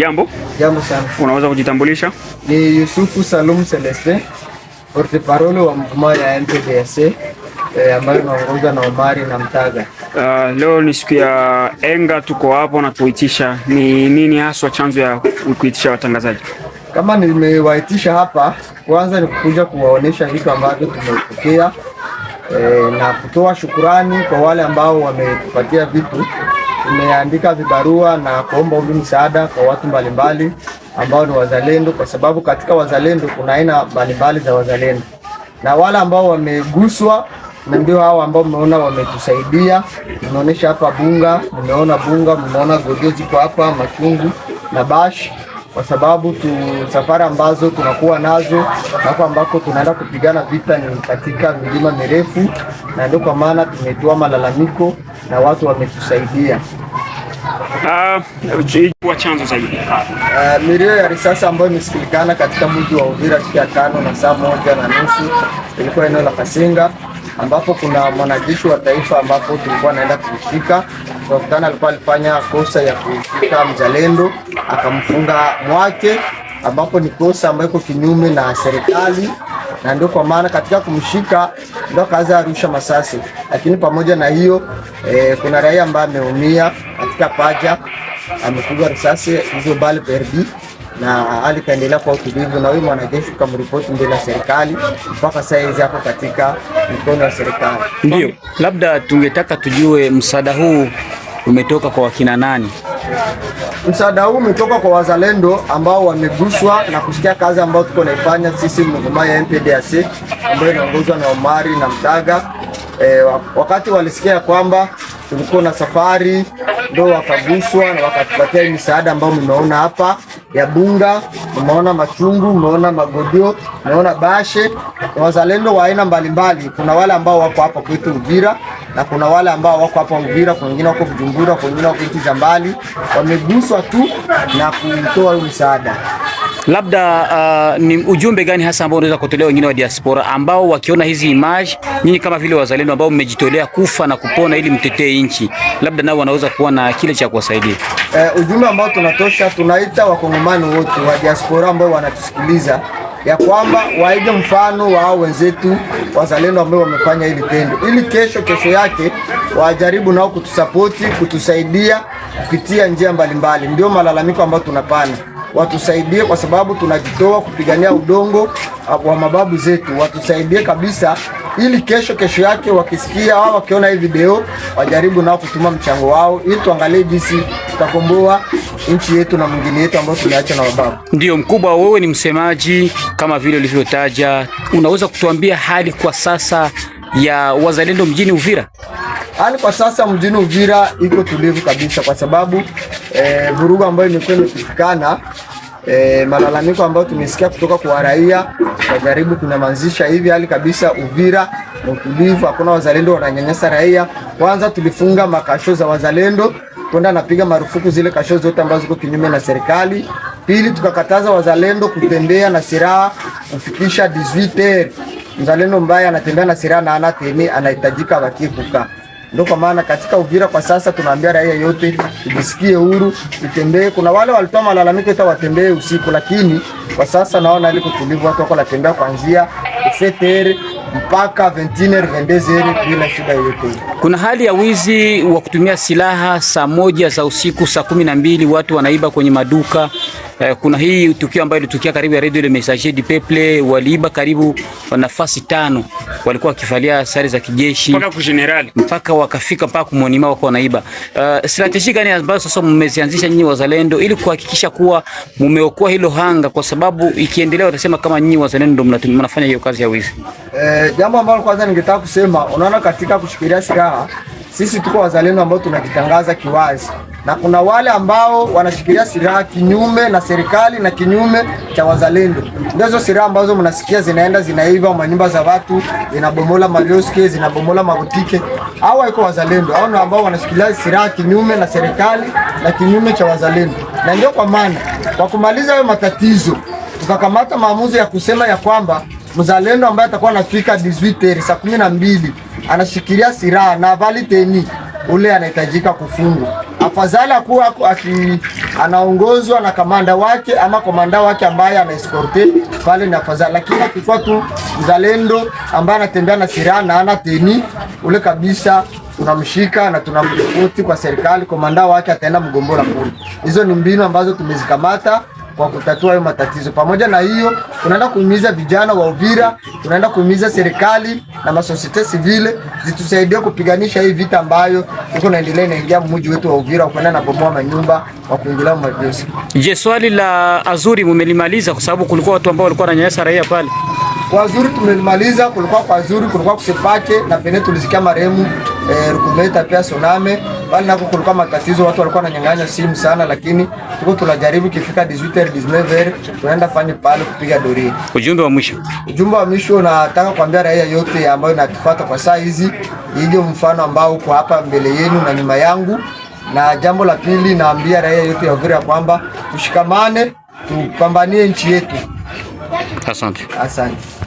Jambo. Jambo sana. Unaweza kujitambulisha? Ni Yusufu Salum Celeste, porte parole wa mkuma ya MPDC eh, ambayo inaongozwa na Omari na Mtaga. Uh, leo ni siku ya Enga, tuko hapo na tuitisha. Ni nini haswa chanzo ya kuitisha watangazaji? Kama nimewaitisha hapa, kwanza ni kuja kuwaonesha vitu ambavyo tumepokea eh, na kutoa shukurani kwa wale ambao wametupatia vitu tumeandika vibarua na kuomba ombi msaada kwa watu mbalimbali ambao ni wazalendo, kwa sababu katika wazalendo kuna aina mbalimbali za wazalendo, na wale ambao wameguswa na ndio hao ambao mmeona wametusaidia. Mmeonyesha hapa Bunga, mmeona Bunga, mmeona Gojozi kwa hapa Machungu na Bashi kwa sababu tu safari ambazo tunakuwa nazo hapa ambako tunaenda kupigana vita ni katika milima mirefu, na ndio kwa maana tumetoa malalamiko na watu wametusaidia. Uh, chanzo zaidi uh, milio ya risasi ambayo imesikilikana katika mji wa Uvira siku ya tano na saa moja na nusu ilikuwa eneo la Kasenga ambapo kuna mwanajeshi wa taifa ambapo tulikuwa naenda kushika, tunakutana alikuwa alifanya kosa ya kushika mzalendo akamfunga mwake, ambapo ni kosa ambayo iko kinyume na serikali, na ndio kwa maana katika kumshika ndio kaza arusha masasi. Lakini pamoja na hiyo e, kuna raia ambaye ameumia katika paja, amepigwa risasi hizo bali perdi na hali kaendelea kwa utulivu, na huyu mwanajeshi tukamripoti mbele ya serikali, mpaka saa hizi hapo katika mikono ya serikali. Ndio labda tungetaka tujue msaada huu umetoka kwa wakina nani? Msaada huu umetoka kwa wazalendo ambao wameguswa na kusikia kazi ambayo tuko naifanya sisi mvuma ya MPDAC ambayo inaongozwa na Omari na Mtaga. E, wakati walisikia kwamba tulikuwa na safari ndo wakaguswa na wakatupatia misaada ambayo mmeona hapa ya bunga, mmeona machungu, mmeona magodio, mmeona bashe. Wazalendo wa aina mbalimbali, kuna wale ambao wako hapa kwetu Uvira na kuna wale ambao wako hapa Uvira, kuna wengine wako Bujumbura, kuna wengine wako nchi za mbali, wameguswa tu na kutoa huyu msaada. Labda uh, ni ujumbe gani hasa ambao unaweza kutolea wengine wa diaspora ambao wakiona hizi image, nyinyi kama vile wazalendo ambao mmejitolea kufa na kupona ili mtetee nchi, labda nao wanaweza kuwa na kile cha kuwasaidia? Uh, ujumbe ambao tunatosha, tunaita wakongomani wote wa diaspora ambao wanatusikiliza ya kwamba waige mfano wao wenzetu wazalendo ambao wamefanya hili tendo, ili kesho kesho yake wajaribu nao kutusapoti, kutusaidia kupitia njia mbalimbali. Ndio malalamiko ambayo tunapana, watusaidie kwa sababu tunajitoa kupigania udongo wa mababu zetu, watusaidie kabisa ili kesho kesho yake wakisikia au wakiona hii video wajaribu nao kutuma mchango wao, ili tuangalie jinsi tutakomboa nchi yetu na mwingine yetu ambao tumeacha na wababu Ndio mkubwa, wewe ni msemaji kama vile ulivyotaja, unaweza kutuambia hali kwa sasa ya wazalendo mjini Uvira? Hali kwa sasa mjini Uvira iko tulivu kabisa, kwa sababu eh, vurugu ambayo imekuwa imepitikana e, malalamiko ambayo tumesikia kutoka kwa raia wajaribu kunyamazisha hivi hali kabisa. Uvira na utulivu, hakuna wazalendo wananyanyasa raia. Kwanza tulifunga makasho za wazalendo kwenda, napiga marufuku zile kasho zote ambazo ziko kinyume na serikali. Pili, tukakataza wazalendo kutembea na silaha kufikisha 18 mzalendo mbaya anatembea na silaha na ana temi anahitajika wakie ndio kwa maana katika Uvira kwa sasa tunaambia raia yote tujisikie huru, tutembee. Kuna wale walitoa malalamiko ita watembee usiku, lakini kwa sasa naona ile kutulivu, watu wako wanatembea kuanzia setr mpaka ventiner vendezere bila shida yote. Kuna hali ya wizi wa kutumia silaha saa moja za usiku, saa kumi na mbili watu wanaiba kwenye maduka Eh, kuna hii tukio ambayo ilitokea karibu ya Radio Le Messager du Peuple, waliiba karibu nafasi tano, walikuwa wakivalia sare za kijeshi mpaka kwa general mpaka wakafika mpaka kumonima wako wanaiba. Uh, strategy gani ambayo sasa mmezianzisha nyinyi wazalendo ili kuhakikisha kuwa mmeokoa hilo hanga, kwa sababu ikiendelea watasema kama nyinyi wazalendo ndio mnafanya hiyo kazi ya wizi? Eh, jambo ambalo kwanza ningetaka kusema, unaona katika kushikilia silaha sisi tuko wazalendo ambao tunajitangaza kiwazi na kuna wale ambao wanashikilia silaha kinyume na serikali na kinyume cha wazalendo. Ndizo silaha ambazo mnasikia zinaenda zinaiva manyumba za watu, zinabomola mavioski, zinabomola mabutike. Hao iko wazalendo, hao ambao wanashikilia silaha kinyume na serikali na kinyume cha wazalendo. Na ndio kwa maana kwa kumaliza hayo matatizo tukakamata maamuzi ya kusema ya kwamba mzalendo ambaye atakuwa anafika 18 saa 12 anashikilia silaha na avali teni, ule anahitajika kufungwa afadhali akuwa anaongozwa na kamanda wake ama komanda wake ambaye anaeskorte pale ni afadhali, lakini akikuwa tu mzalendo ambaye anatembea na silaha na ana teni ule kabisa tunamshika na tunamripoti kwa serikali, komanda wake ataenda mgombora kule. Hizo ni mbinu ambazo tumezikamata wa kutatua hayo matatizo. Pamoja na hiyo, tunaenda kuhimiza vijana wa Uvira, tunaenda kuhimiza serikali na masosiete sivile zitusaidie kupiganisha hii vita ambayo iko naendelea inaingia mji wetu wa Uvira, kwenda na bomoa manyumba wa kuingilia mabiosi. Je, swali la Azuri mumelimaliza? Kwa sababu kulikuwa watu ambao walikuwa wananyanyasa raia pale kwa Azuri tumemaliza. Kulikuwa kwa Azuri, kulikuwa kusepake na pene tulisikia marehemu eh, Rukumeta pia Soname bali nako kulikuwa matatizo, watu walikuwa wananyang'anya simu sana, lakini tuko tunajaribu kifika 18h 19h tunaenda fanye pale kupiga doria. Ujumbe wa mwisho, ujumbe wa mwisho, nataka kuambia raia yote ambayo natufuata kwa saa hizi ije mfano ambao uko hapa mbele yenu na nyuma yangu, na jambo la pili naambia raia yote ya Uvira kwamba tushikamane, tupambanie nchi yetu. Asante, asante.